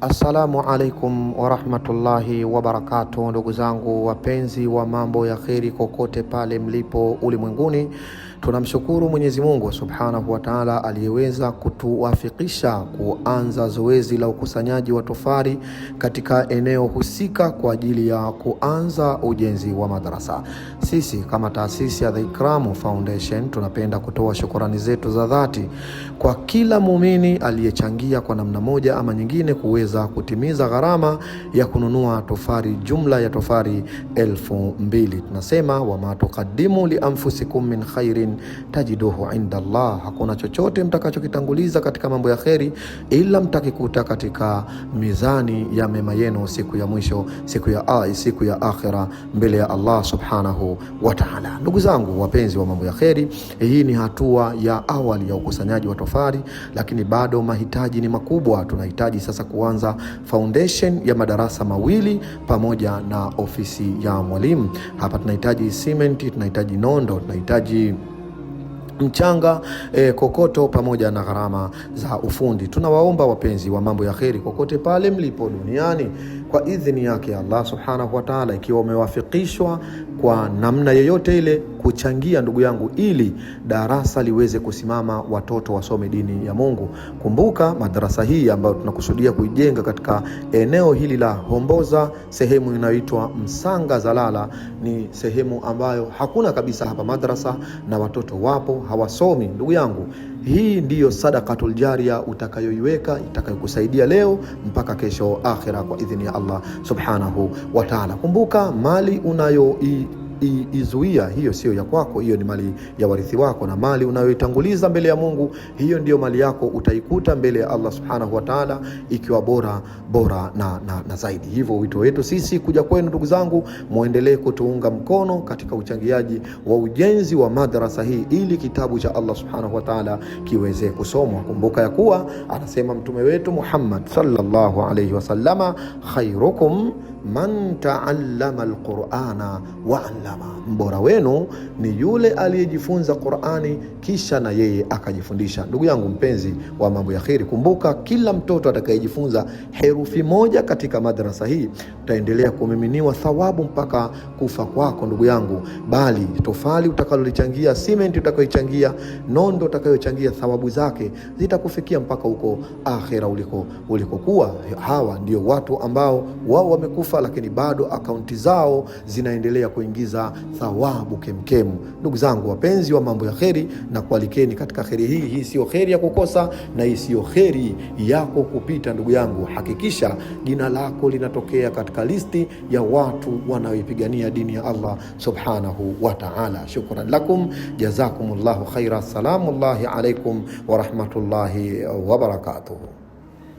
Assalamu alaikum warahmatullahi wabarakatuh, ndugu zangu wapenzi wa mambo ya kheri, kokote pale mlipo ulimwenguni. Tunamshukuru Mwenyezi Mungu Subhanahu wa Ta'ala aliyeweza kutuwafikisha kuanza zoezi la ukusanyaji wa tofari katika eneo husika kwa ajili ya kuanza ujenzi wa madarasa. Sisi kama taasisi ya The Ikram Foundation tunapenda kutoa shukrani zetu za dhati kwa kila muumini aliyechangia kwa namna moja ama nyingine kuweza kutimiza gharama ya kununua tofari, jumla ya tofari elfu mbili. Tunasema wama tukaddimu li anfusikum min khairin khairin tajiduhu inda Allah, hakuna chochote mtakachokitanguliza katika mambo ya kheri ila mtakikuta katika mizani ya mema yenu siku ya mwisho, siku ya ai, siku ya akhira, mbele ya Allah subhanahu wa ta'ala. Ndugu zangu wapenzi wa mambo ya kheri, hii ni hatua ya awali ya ukusanyaji wa tofali, lakini bado mahitaji ni makubwa. Tunahitaji sasa kuanza foundation ya madarasa mawili pamoja na ofisi ya mwalimu. Hapa tunahitaji simenti, tunahitaji nondo, tunahitaji mchanga e, kokoto pamoja na gharama za ufundi. Tunawaomba wapenzi wa mambo ya kheri, kokote pale mlipo duniani kwa idhini yake Allah subhanahu wa taala. Ikiwa umewafikishwa kwa namna yoyote ile kuchangia, ndugu yangu, ili darasa liweze kusimama, watoto wasome dini ya Mungu. Kumbuka madarasa hii ambayo tunakusudia kuijenga katika eneo hili la Homboza, sehemu inayoitwa Msanga Zalala, ni sehemu ambayo hakuna kabisa hapa madarasa na watoto wapo hawasomi, ndugu yangu. Hii ndiyo sadakatul jaria utakayoiweka itakayokusaidia leo mpaka kesho akhira, kwa idhini ya Allah subhanahu wa ta'ala. Kumbuka mali unayo izuia, hiyo siyo ya kwako, hiyo ni mali ya warithi wako, na mali unayoitanguliza mbele ya Mungu, hiyo ndiyo mali yako, utaikuta mbele ya Allah subhanahu wa taala ikiwa bora bora na, na, na zaidi. Hivyo wito wetu sisi kuja kwenu, ndugu zangu, mwendelee kutuunga mkono katika uchangiaji wa ujenzi wa madrasa hii ili kitabu cha Allah subhanahu wa taala kiweze kusomwa. Kumbuka ya kuwa anasema mtume wetu Muhammad sallallahu alaihi wasallama khairukum man taallama lqurana waallama, mbora wenu ni yule aliyejifunza Qurani kisha na yeye akajifundisha. Ndugu yangu mpenzi wa mambo ya kheri, kumbuka kila mtoto atakayejifunza herufi moja katika madrasa hii utaendelea kumiminiwa thawabu mpaka kufa kwako, ndugu yangu, bali tofali utakalolichangia simenti utakayoichangia, nondo utakayochangia, thawabu zake zitakufikia mpaka huko akhera ulikokuwa uliko. Hawa ndio watu ambao wao wamekufa taarifa, lakini bado akaunti zao zinaendelea kuingiza thawabu kemkemu. Ndugu zangu wapenzi wa mambo ya kheri, na kualikeni katika kheri hii. Hii siyo kheri ya kukosa na hii siyo kheri yako kupita. Ndugu yangu, hakikisha jina lako linatokea katika listi ya watu wanaoipigania dini ya Allah subhanahu wa ta'ala. Shukran lakum, jazakumullahu khaira. Assalamu alaikum warahmatullahi wabarakatuhu